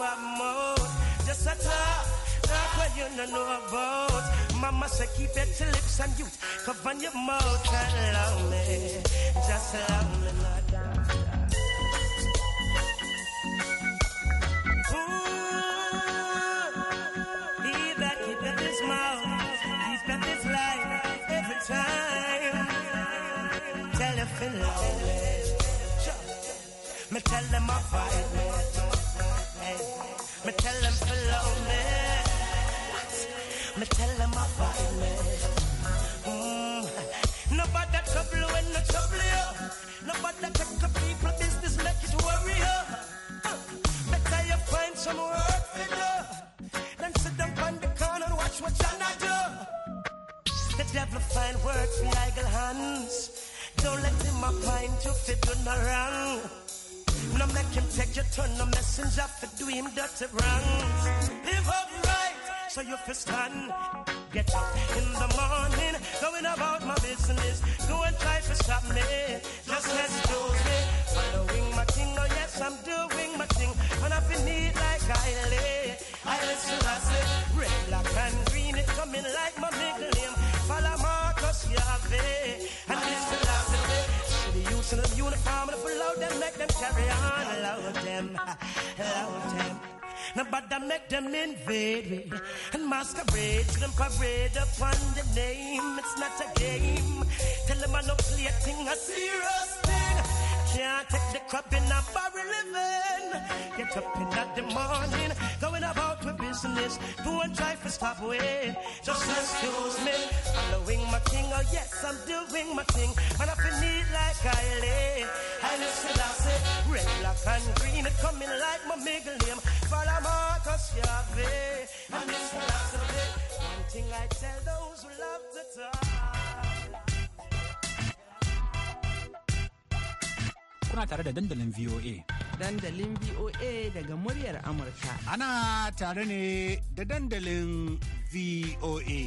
up mode. Just a talk, talk what you don't know about. Mama say keep it to lips and youth. Cover your mouth and love me. Just love me, Ooh, he that his mouth, his life every time. Tell love me. Me tell them I fight me I find me. Mm. Nobody trouble when no trouble Nobody people business, make it uh, better you find some work to do. Then sit down on the corner and watch what do. The devil find work for idle hands. Don't let him find you fit do no wrong. When I make him take your turn, no messenger for do him dirty wrongs. Live upright, so you feel stand. Get up in the morning, going about my business. Go and try for something, just let's do it. Following my thing, oh yes, I'm doing my thing. When I feel need like I lay, I listen, I say, red, black, and green, it coming like my middle name. Follow Marcus Yahweh, and listen. Section of uniform, and below them, make them carry on. love them, love them. Now, but I make them invade me and masquerade to them parade upon the name. It's not a game. Tell them I don't play a thing, a serious thing. Can't take the crap in a barrel living. Get up in the morning, going about with business. Who and try to stop with? Just excuse me following my king. Oh yes, I'm doing my thing. Man, I feel neat like I lay. And it's I say: Red, black, and green are coming like my middle name. for Follow Marcus Yahweh. And it's I say: One thing I tell those who love to talk. Kuna tare da dandalin VOA. dandalin VOA daga muryar Amurka. Ana tare ne da dandalin VOA.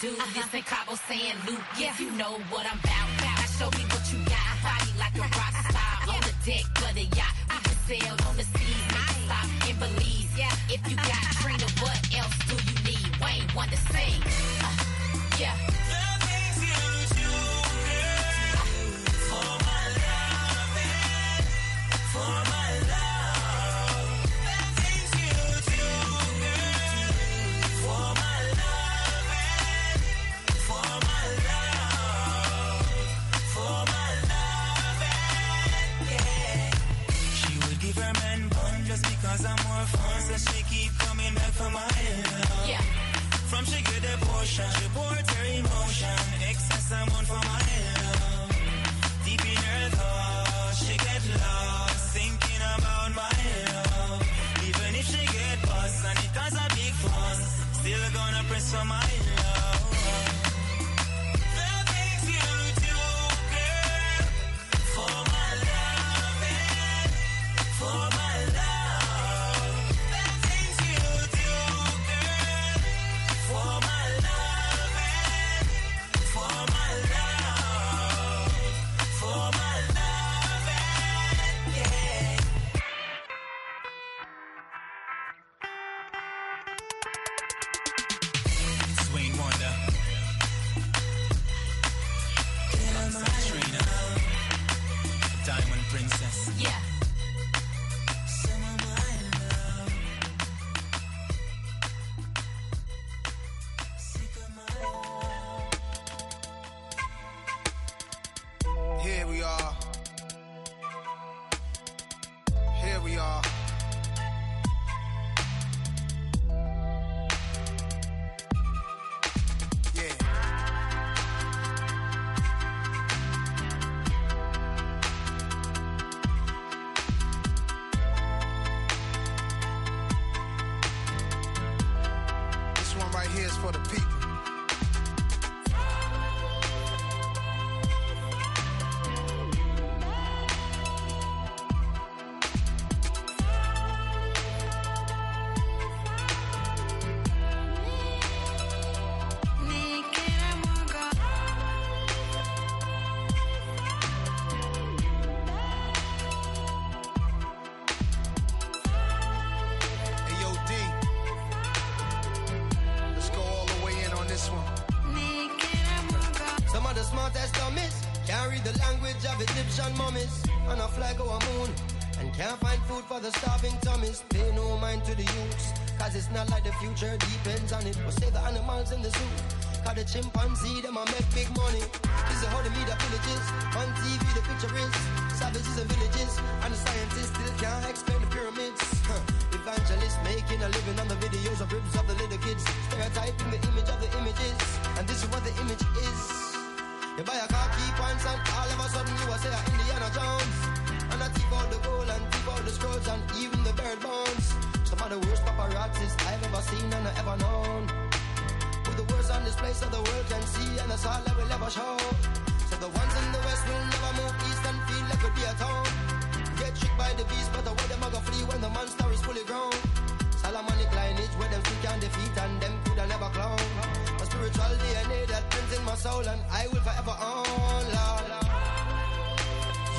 do this in Cabo San Luke, yeah. if you know what I'm about. Now show me what you got. Body like a rock star on the deck of the yacht. We just sailed on the seas, make stop and believe. If you got Trina From she get the portion, she pours her emotion. Excess amount for my love. Deep in her thoughts, she get lost, thinking about my love. Even if she get bust and it cause a big fuss, still gonna press for my protest dummies. Can't read the language of Egyptian mummies. On a flag or a moon. And can't find food for the starving tummies. Pay no mind to the youths. Cause it's not like the future depends on it. We'll save the animals in the zoo. Cause the chimpanzee, them a make big money. This is how the media villages. On TV, the picture is savages and villages. And the scientists still can't explain the pyramids. Evangelists making a living on the videos of ribs of the little kids. Stereotyping the image of the images. And this is what the image is. You buy a keep pants and all of a sudden you are say a ah, Indiana Jones. And I keep out the gold and keep out the scrolls and even the bird bones. Some of the worst paparazzi I've ever seen and ever known. With the worst on this place of the world can see and that's all I will ever show. So the ones in the west will never move east and feel like it'll be at home. Get tricked by the beast but the way them a flee when the monster is fully grown. Salamonic lineage where them still can defeat and them coulda never clone spiritual DNA that pins in my soul and I will forever own, Lord.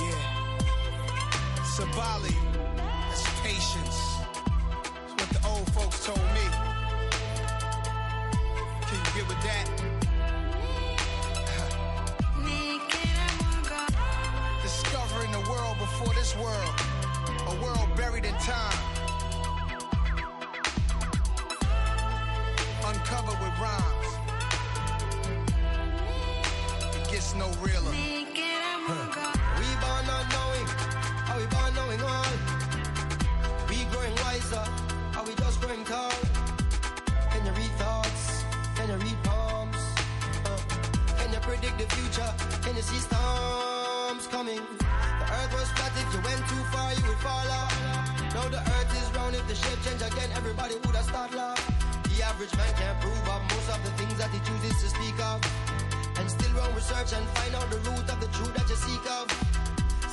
Yeah. Sabali, that's patience. That's what the old folks told me. Can you get with that? Discovering the world before this world, a world buried in time. uncovered with rhyme. no realer. we born knowing. are we born knowing all? We growing wiser, are we just growing tall? Can you read thoughts? Can you read palms? Uh, can you predict the future? Can you see storms coming? The earth was flat, if you went too far, you would fall off. Now the earth is round, if the shape change again, everybody would have started laugh. The average man can't prove up most of the things that he chooses to speak of. And still run research and find out the root of the truth that you seek of.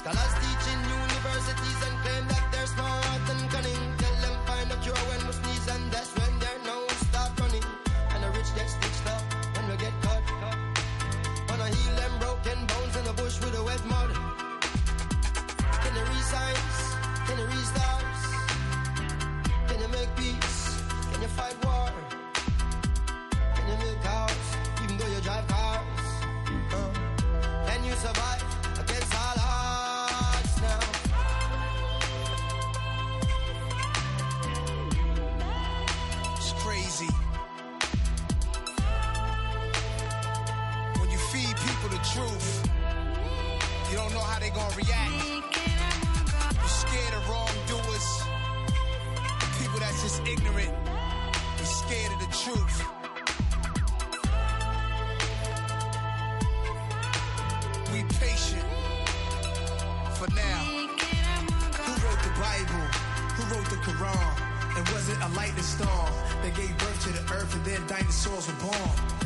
Scholars teach in universities and claim that they're smart and cunning. Tell them find a cure when we sneeze and that's when they're start running. And the rich get stitched up when we get cut. Wanna heal them broken bones in the bush with a wet mud. Can you resize? Can you restart? Can you make peace? Can you fight war? truth. You don't know how they gonna react. You're scared of wrongdoers, people that's just ignorant. You're scared of the truth. We patient for now. Who wrote the Bible? Who wrote the Quran? And was it a lightning storm that gave birth to the earth and then dinosaurs were born?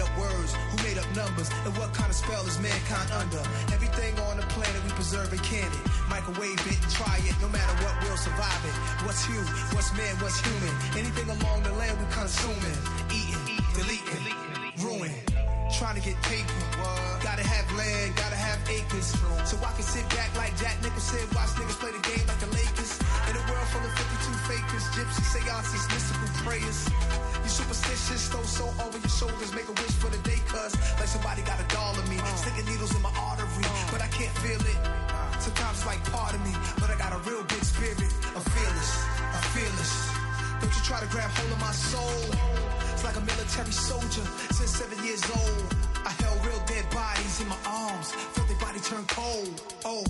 made up words, who made up numbers, and what kind of spell is mankind under? Everything on the planet we preserve and can it. Microwave it, try it, no matter what, we'll survive it. What's you, what's man, what's human? Anything along the land we consuming, eating, deleting, ruin. Trying to get paper, gotta have land, gotta have acres. So I can sit back like Jack Nicholson, watch niggas play the game Gypsy seances, mystical prayers. You superstitious, throw so over your shoulders, make a wish for the day, cuz like somebody got a doll of me, uh. sticking needles in my artery, uh. but I can't feel it. Sometimes like part of me, but I got a real big spirit, a fearless, a fearless. Don't you try to grab hold of my soul. It's like a military soldier since seven years old. I held real dead bodies in my arms, felt their body turn cold. Oh,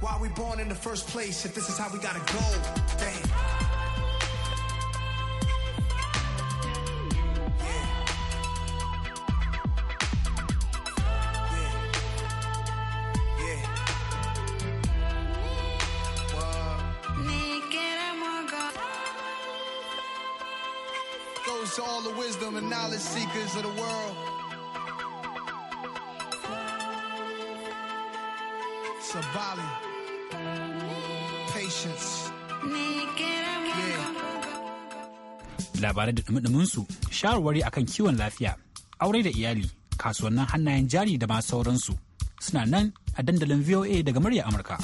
why we born in the first place if this is how we gotta go? Damn. seekers of the world. Savali, Patience. Labarai da dumudumunsu, shawarwari akan kiwon lafiya, aure da iyali, kasuwannin hannayen jari da ma sauransu suna nan a dandalin VOA daga murya Amurka.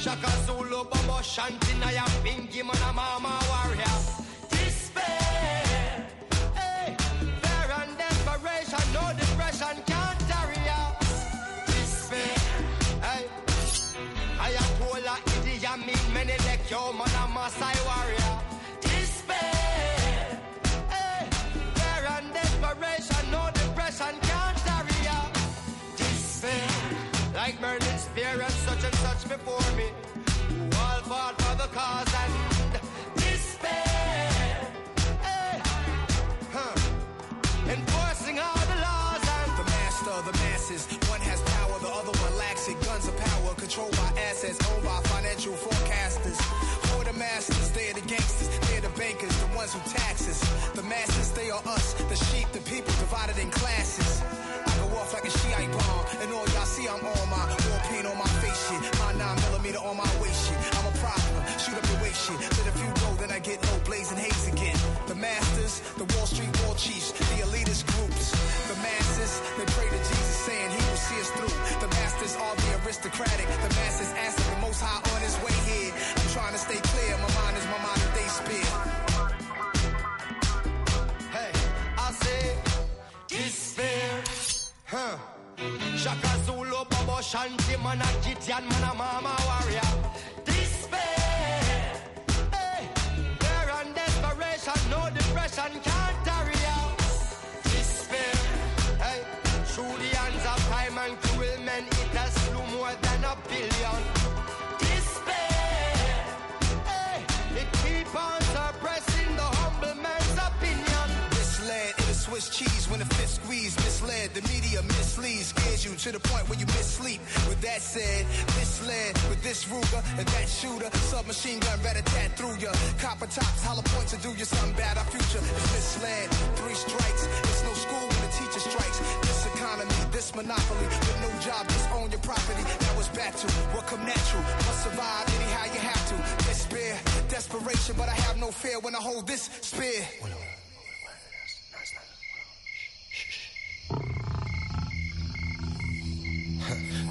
Shaka Zulu, Bobo, Shantina, Pinky, Man, Mama, Warrior. Control by assets owned by financial forecasters. Who the masters? They're the gangsters. They're the bankers, the ones who tax us. The masses, they are us. The sheep, the people divided in classes. I go off like a Shiite bomb, and all y'all see I'm on my war paint on my face shit. My 9 millimeter on my waist shit. I'm a problem, shoot up your waist shit. But if you go, then I get no blazing haze again. The masters, the Wall Street war chiefs, the elitist groups. The masses, they pray to Jesus, saying he will see us through. The masters are aristocratic. The masses asking the most high on his way here. I'm trying to stay clear. My mind is my modern they spear. Hey, I say, despair. Huh. Shaka Zulu, Bobo Shanti, man a Gideon, man a mama warrior. Swiss cheese when the fist squeeze. Misled, the media misleads, scares you to the point where you mislead. With that said, misled with this Ruger and that shooter. Submachine gun, rat tat through ya. Copper tops, hollow points to do you something bad. Our future is misled. Three strikes, it's no school when the teacher strikes. This economy, this monopoly, with no job, just own your property. Now it's back to what come natural. Must survive anyhow you have to. Despair, desperation, but I have no fear when I hold this spear.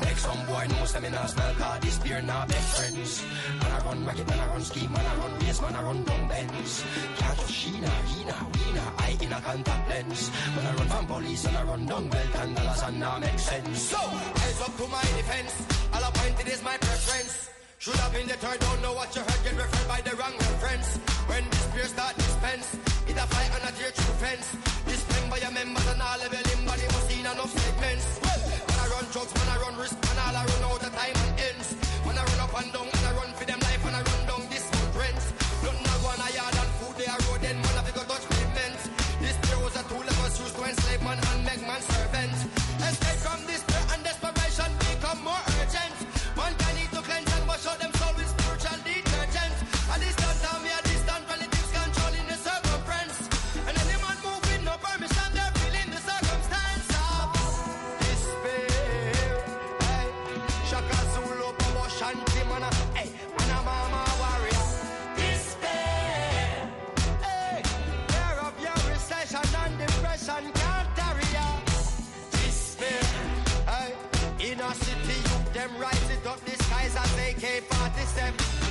Beg some boy knows them in a smell car This beer now beg friends Man I run racket, man I run scheme, Man I run race, man I run down bends Can't trust Sheena, Heena, Weena I in a contact lens Man, I run from police and I run down belt and dollars and now make sense So, rise up to my defense All appointed is it is my preference Should have been the third Don't know what you heard Get referred by the wrong AK-47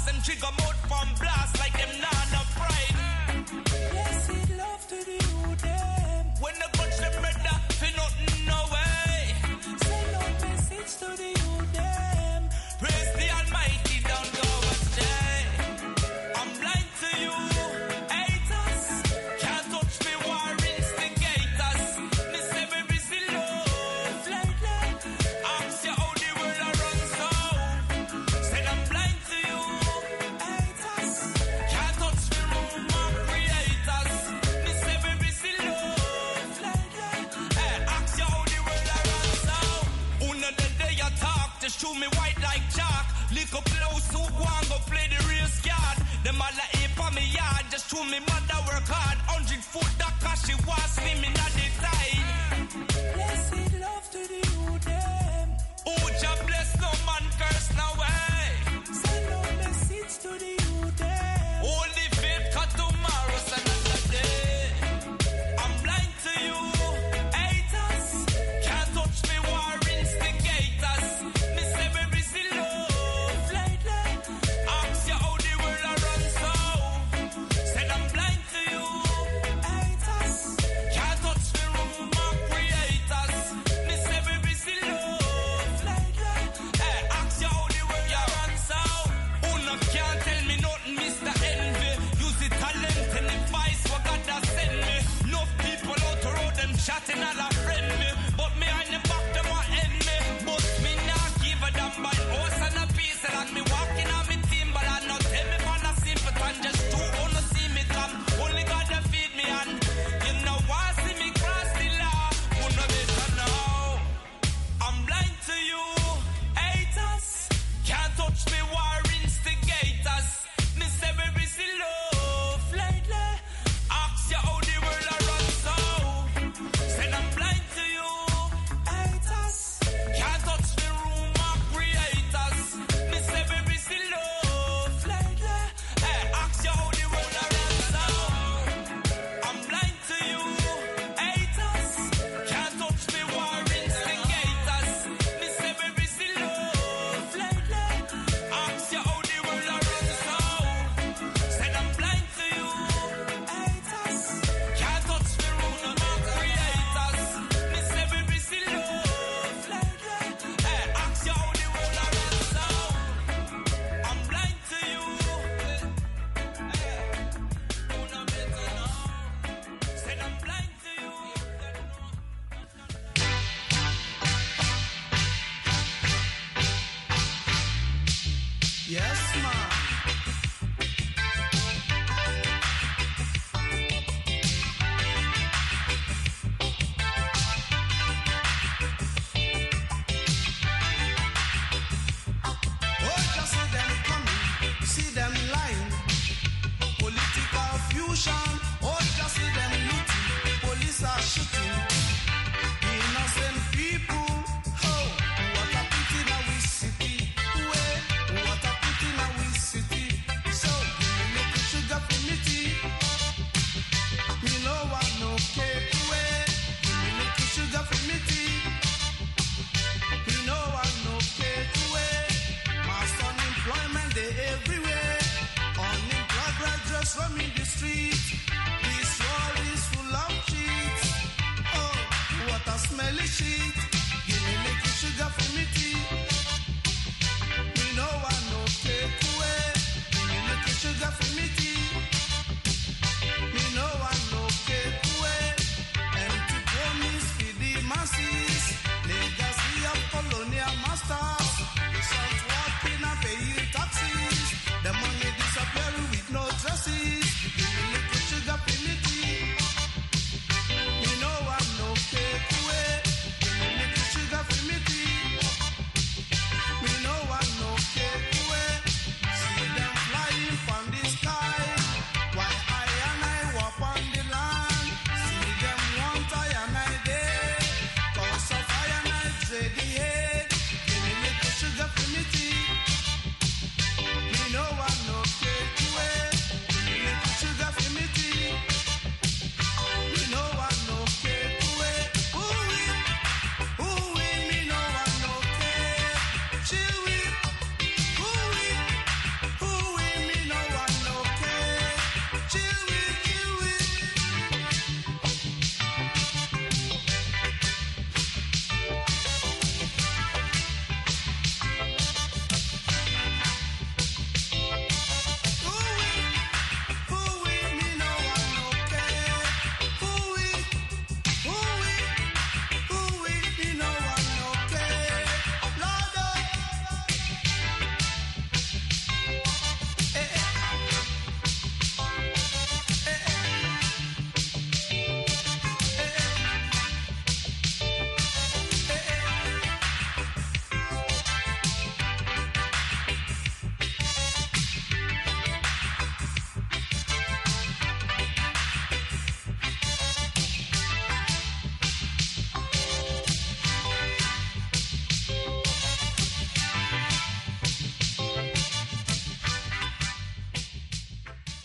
fast. Them trigger mode from blast like them nana pride. Yes, Blessed love to do them. When the me. alegría.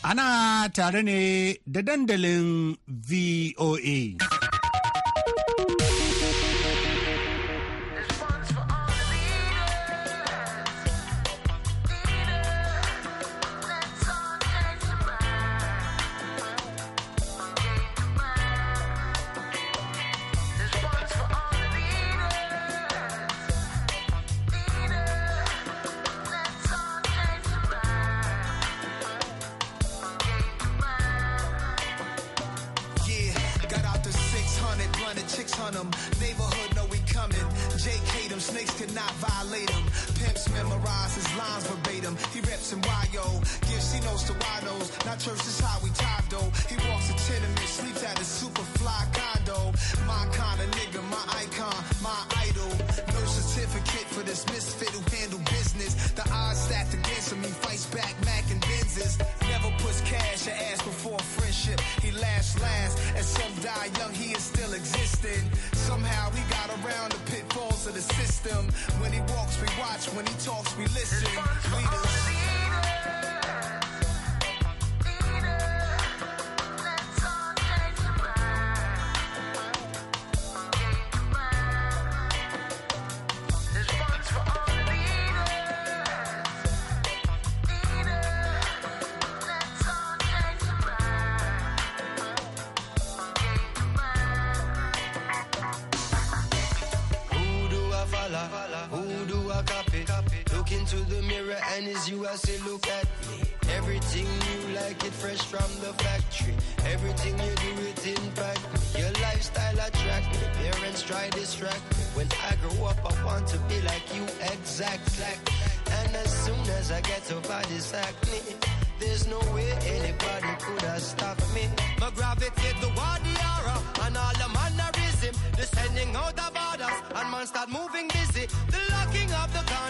Ana tare ne da dandalin VOA. them. Neighborhood know we coming. Jake hate him, snakes cannot violate him. Pimps memorize his lines verbatim. He reps in YO, gives she knows to winos. Not church is how we tied though. He walks a tenement, sleeps at his super fly condo. My kind of nigga, my icon, my idol. No certificate for this misfit who distract me. There's no way anybody could have stopped me. My gravity toward the aura and all the mannerism. The sending out of orders and man start moving busy. The locking of the car.